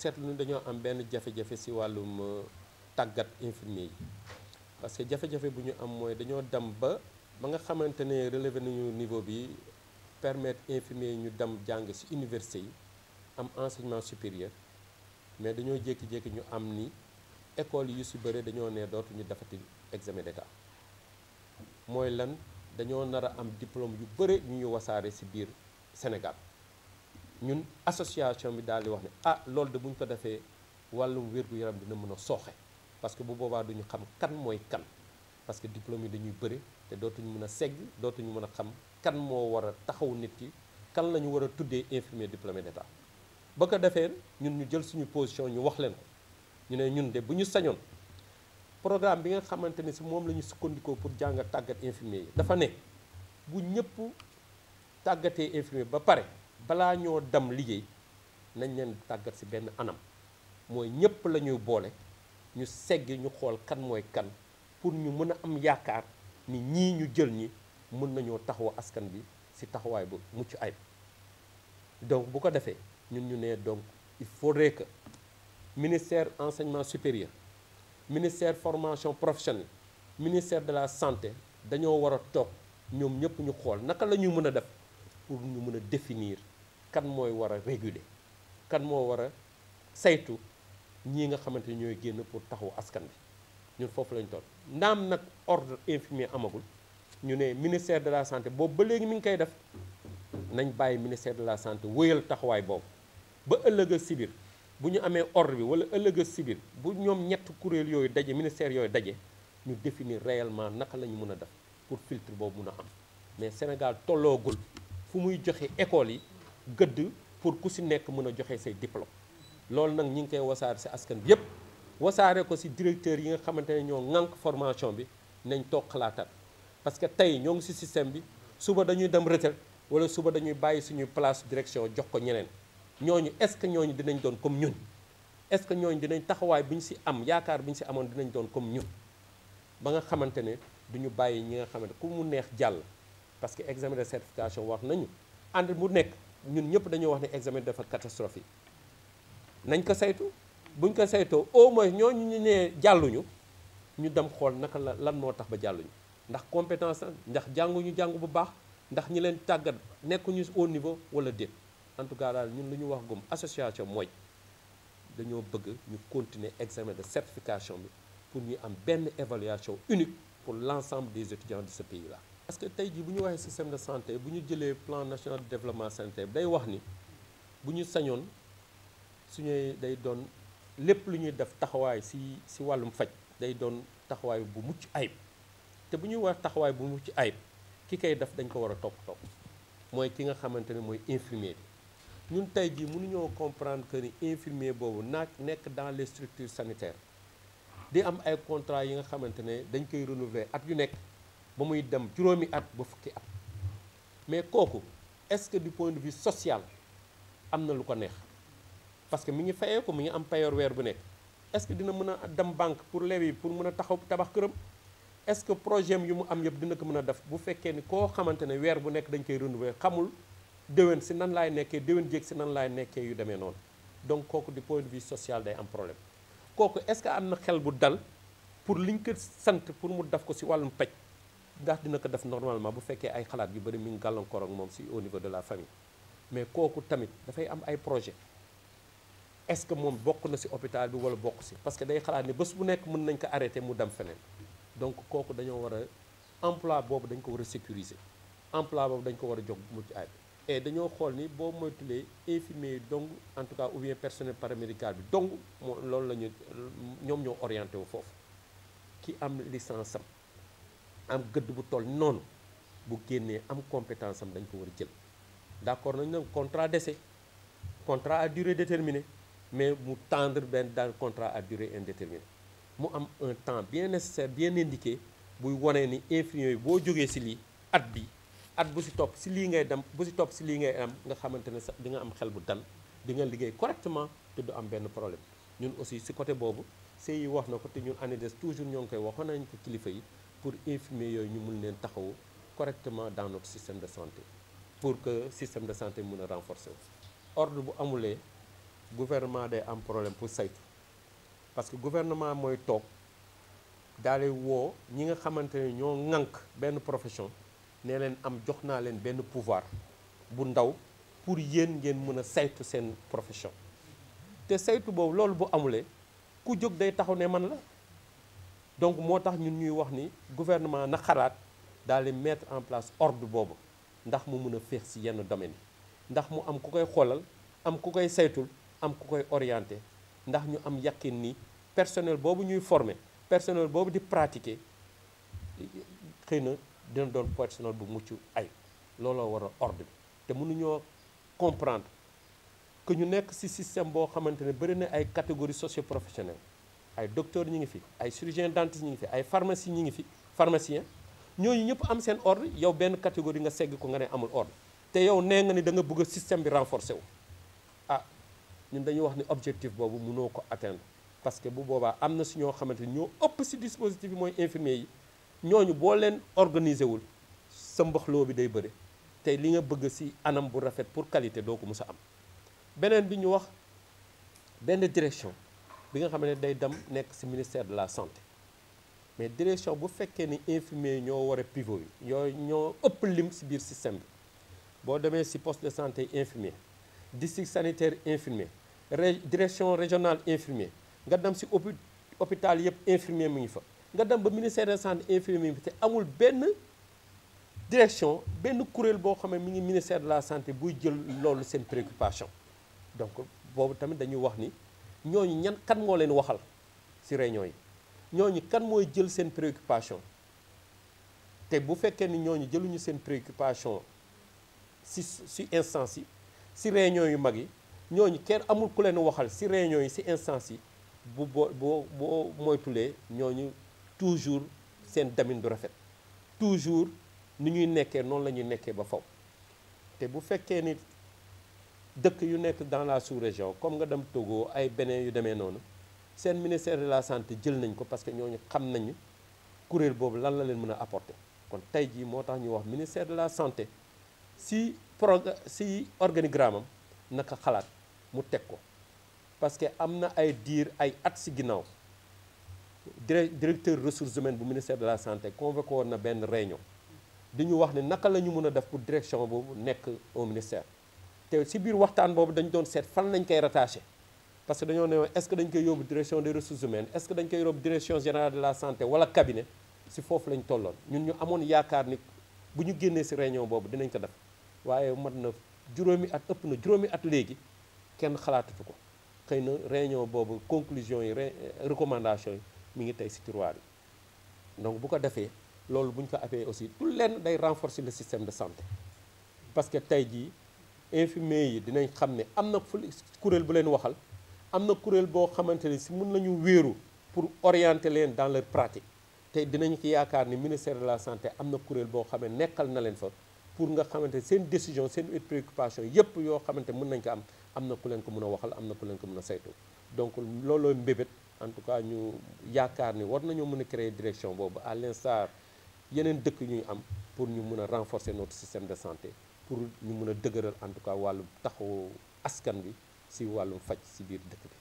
seetlu ni dañoo am benn jafe-jafe si wàllum euh, tàggat infirmier yi parce que jafe-jafe bu ñu am mooy dañoo dem ba ba nga xamante ne relevé nañu niveau bi permettre infirmier yi ñu dem jàng si université yi am enseignement supérieur mais dañoo jékki-jékki ñu am ni école yu si bëre dañoo ne dootuñu defati examen d'état mooy lan dañoo nar a am diplôme yu bëre ñu ñu wasaare si biir Sénégal ñun association bi daal di wax ne ah loolu de bu ñu ko defee wàllum wér-gu-yaram dina mën a sooxe parce que bu boobaa duñu xam kan mooy kan parce que diplôme yi dañuy bëri te dootuñu mën a segg dootuñu mën a xam kan moo war a taxaw nit ki kan la ñu war a tuddee infirmier diplômé d'état ba ko defee ñun ñu jël suñu position ñu wax leen ko ñu ne ñun de bu ñu sañoon programme bi nga xamante ni si moom la ñu sukkandikoo pour jàng tàggat infirmier yi dafa ne bu ñëpp tàggatee infirmier ba pare balaa ñoo dem liggéey nañ leen tàggat ci benn anam mooy ñépp la ñuy boole ñu segg ñu xool kan mooy kan pour ñu mën a am yaakaar ni ñii ñu jël ñi mën nañoo taxaw askan bi ci taxawaay bu mucc ayib donc bu ko defee ñun ñu nee donc il faudrait que ministère enseignement supérieur ministère formation professionnelle ministère de la santé dañoo war a toog ñoom ñépp ñu xool naka la ñuy mën a def pour ñu mën a définir kan mooy war a réguler kan moo war a saytu ñii nga xamante ni ñooy génn pour taxawu askan bi ñun foofu lañ toll ndaam nag ordre infirmier amagul ñu ne ministère de la santé boobu ba léegi mi ngi koy def nañ bàyyi ministère de la santé wéyal taxawaay boobu ba ëllëg ak sibir bu ñu amee ordre bi wala ëllëg ak sibir bu ñoom ñett kuréel yooyu daje ministère yooyu daje ñu définir réellement naka la ñu mën a def pour filtre boobu mun a am mais Sénégal tolloogul fu muy joxe école yi gëdd pour ku si nekk mën a joxe say diplôme loolu nag ñi ngi koy wasaare si askan bi yëpp wasaare ko si directeur yi nga xamante ne ñoo ŋànk formation bi nañ toog xalaatal parce que tey ñoo ngi si système bi suba dañuy dem retraite wala suba dañuy bàyyi suñuy place direction jox ko ñeneen ñooñu est-ce que ñooñu dinañ doon comme ñun est-ce que ñooñu dinañ taxawaay bi ñu si am yaakaar bu ñu si amoon dinañ doon comme ñun ba nga xamante ne ñu bàyyi ñi nga xamante ku mu neex jàll parce que examen de wax nañu ànd mu nekk ñun ñëpp dañoo wax ne examen dafa yi nañ ko saytu buñ ko saytoo au moins ñooñu ñu nee jàlluñu ñu dem xool naka la lan moo tax ba jàlluñu ndax compétence ndax jàngu ñu jàngu bu baax ndax ñi leen tàggat nekkuñu au niveau wala déet en tout ñun lu ñu wax gum association mooy dañoo bëgg ñu continuer examen de certification bi pour ñu am benn évaluation unique pour l'ensemble des étudiants de ce pays là parce que tey jii bu ñu waxee système de santé bu ñu jëlee plan national de développement sanitaire day wax ni bu ñu sañoon suñuy day doon lépp lu ñuy def taxawaay si si wàllum faj day doon taxawaay bu mucc ayib te bu ñuy wax taxawaay bu mucc ayib ki koy def dañ ko war a topp topp mooy ki nga xamante ne mooy infirmier bi ñun tey jii mënuñoo comprendre que ni infirmier boobu nag nekk dans les structures sanitaires di am ay contrat yi nga xamante ne dañ koy renouveler at yu nekk ba muy dem juróomi at ba fukki at mais kooku est-ce que du point de vue social am na lu ko neex parce que mi ngi fayee ko mu ngi am payoor weer bu nekk est-ce que dina mën a dem banque pour lever pour mun a taxaw tabax këram est-ce que projet yi mu am yëpp dina ko mën a def bu fekkee ni koo xamante ne weer bu nekk dañ koy renouveler xamul déwén si nan laay nekkee déwén jéeg si nan laay nekkee yu demee noonu donc kooku du point de vue social day am problème kooku est-ce que am na xel bu dal pour liñ sant pour mu def ko si wàllum paj ndax dina ko def normalement bu fekkee ay xalaat yu bëri mi ngi gàllankoor ak moom si au niveau de la famille mais kooku tamit dafay am ay projet est-ce que moom bokk na si hôpital bi wala bokk si parce que day xalaat ne bés bu nekk mën nañ ko arrêté mu dem feneen donc kooku dañoo war a emploi boobu dañ ko war a sécuriser emploi boobu dañ ko war a jox bu mucc dañoo xool ni boo moytulee infirmier yi en tout cas ou bien personnel paramédical bi dong moo loolu la ñu ñoom ñoo orienté wu foofu ki am licence am am gëdd bu toll noonu bu génnee am compétence am dañ ko war a jël d'accord nañ nag contrat d'essai contrat à durée déterminée mais mu tendre benn dans contrat à durée indéterminée mu am un temps bien nécessaire bien indiqué buy wane ni infirmier yi boo jógee ci lii at bi at bu ci topp ci lii ngay dem bu si topp si lii ngay am nga xamante ne sax di nga am xel bu dal di nga liggéey correctement te du am benn problème ñun aussi si côté boobu CI wax na ko te ñun ANIDES toujours ñoo ngi koy waxoon nañ ko kilifa yi pour infirmiers yooyu ñu mun leen taxaw correctement dans notre système de santé pour que système de santé mun a renforcer ordre bu amulee gouvernement day am problème pour saytu parce que gouvernement mooy toog daale woo ñi nga xamante ne ñoo ŋànk benn profession nee leen am jox naa leen benn pouvoir bu ndaw pour yéen ngeen mën a saytu seen profession te saytu boobu loolu bu amulee ku jóg day taxaw ne man la donc moo tax ñun ñuy wax ni gouvernement na xaraat daal di mettre en place ordre boobu ndax mu mun a féex si yenn domaines ndax mu am ku koy xoolal am ku koy saytul am ku koy orienté ndax ñu am yaqin ni personnel boobu ñuy former personnel boobu di pratiquer xëy na dina doon personnel bu mucc ay looloo war a bi te mënuñoo comprendre que ñu nekk si système boo xamante ne bëri na ay catégories socio-professionnelles ay docteur ñi ngi fi ay chirurgien dentiste ñi ngi fi ay pharmacie ñi ngi fi pharmacien ñooñu ñëpp am seen ordre yow benn catégorie nga segg ko nga ne amul ordre te yow nee nga ni danga bëgg a système bi renforcer wu ah ñun dañuy wax ni objectif boobu munoo ko atteindre parce que bu boobaa am na si ñoo xamante ni ñoo ëpp si dispositif bi mooy infirmier yi ñooñu boo leen organiser wul sa mboxloo bi day bëri te li nga bëgg si anam bu rafet pour qualité doo ko mës a am beneen bi ñu wax benn direction bi nga xam ne day dem nekk ci ministère de la santé mais direction bu fekkee ni infirmier ñoo war a pivot yi yooyu ñoo ëpp lim ci biir système bi boo demee ci poste de santé infirmier district sanitaire infirmier direction régional infirmier nga dem ci hôpital yëpp infirmier mu ngi fa nga dem ba ministère de santé infirmier bi te amul benn direction benn kuréel boo xam ne mi ngi ministère de la santé buy jël loolu seen préoccupation donc boobu tamit dañuy wax ni ñooñu ñan kan moo leen waxal ci réunion yi ñooñu kan mooy jël seen préoccupation te bu fekkee ni ñooñu jëluñu seen préoccupation ci ci instance yi ci réunion yu mag yi ñooñu kenn amul ku leen waxal ci réunion yi ci instance yi bu boo boo boo moytulee ñooñu toujours seen damin du rafet toujours ni ñuy nekkee noonu la ñuy nekkee ba faw te bu fekkee ni dëkk yu nekk dans la sous-région comme nga dem Togo ay beneen yu demee noonu seen ministère de la santé jël nañ ko parce que ñu xam nañu kuréel boobu lan la leen mën a apporter kon tey jii moo tax ñu wax ministère de la santé si pro si organigramme am naka xalaat mu teg ko parce que am na ay diir ay at si ginnaaw directeur ressources humaines bu ministère de la santé convoqué woon na benn réunion di ñu wax ne naka la ñu mën a def pour direction boobu nekk au ministère te si biir waxtaan boobu dañ doon seet fan lañ koy rattaché parce que dañoo ne est-ce que dañ koy yóbbu direction des ressources humaines est-ce que dañ koy yóbbu direction générale de la santé wala cabinet si foofu lañ tolloon ñun ñu amoon yaakaar ni bu ñu génnee si réunion boobu dinañ ko def waaye mat na juróomi at ëpp na juróomi at léegi kenn xalaatatu ko xëy na réunion boobu conclusion yi euh, recommandation yi mi ngi tey si tiroir yi donc bu ko defee loolu bu ñu ko appee aussi tout lenn day renforcer le système de santé parce que tey jii infirmier yi dinañ xam ne am na fu kuréel bu leen waxal am na kuréel boo xamante ne si mën nañu wéeru pour orienter leen dans leur pratique te dinañ ci yaakaar ni ministère de la santé am na kuréel boo xam ne nekkal na leen fa pour nga xamante seen décision seen préoccupation yépp yoo xamante mën nañ ko am am na ku leen ko mën a waxal am na ku leen ko mën a saytu donc looloo mbébét en tout cas ñu yaakaar ni war nañoo mun a créer direction boobu à l'instar yeneen dëkk ñuy am pour ñu mun a renforcer notre système de santé pour ñu mun a dëgëral en tout cas wàllum taxawu askan bi si wàllum faj si biir dëkk bi